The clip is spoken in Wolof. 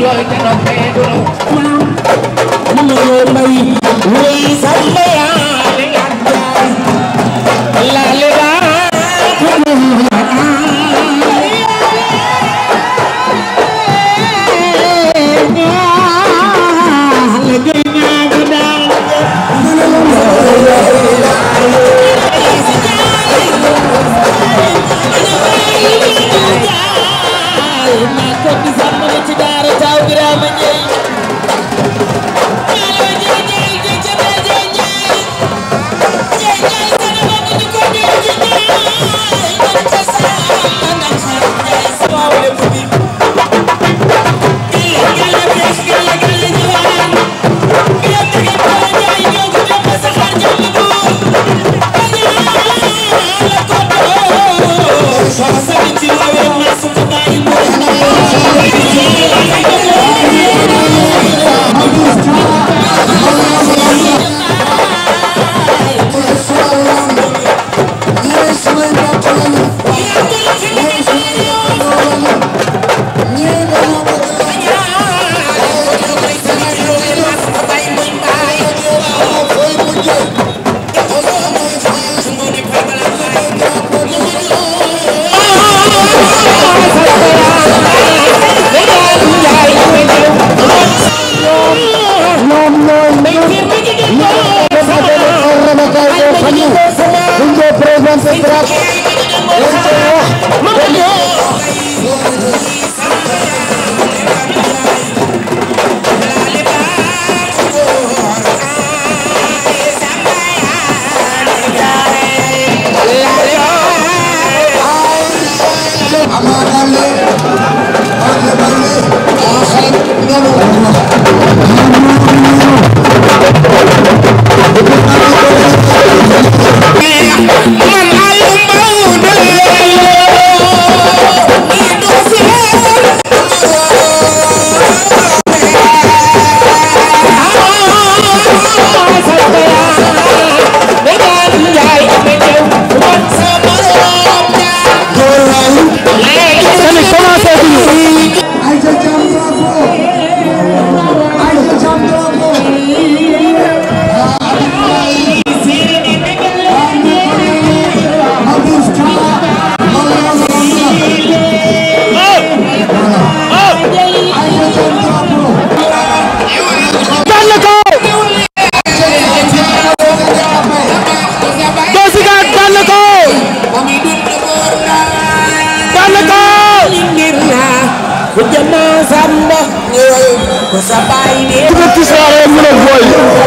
jooy te ndox bee du law. dañ koy présenté drapeau dañ koy wax bu jëmm samba ñëwal ko sa baay dee.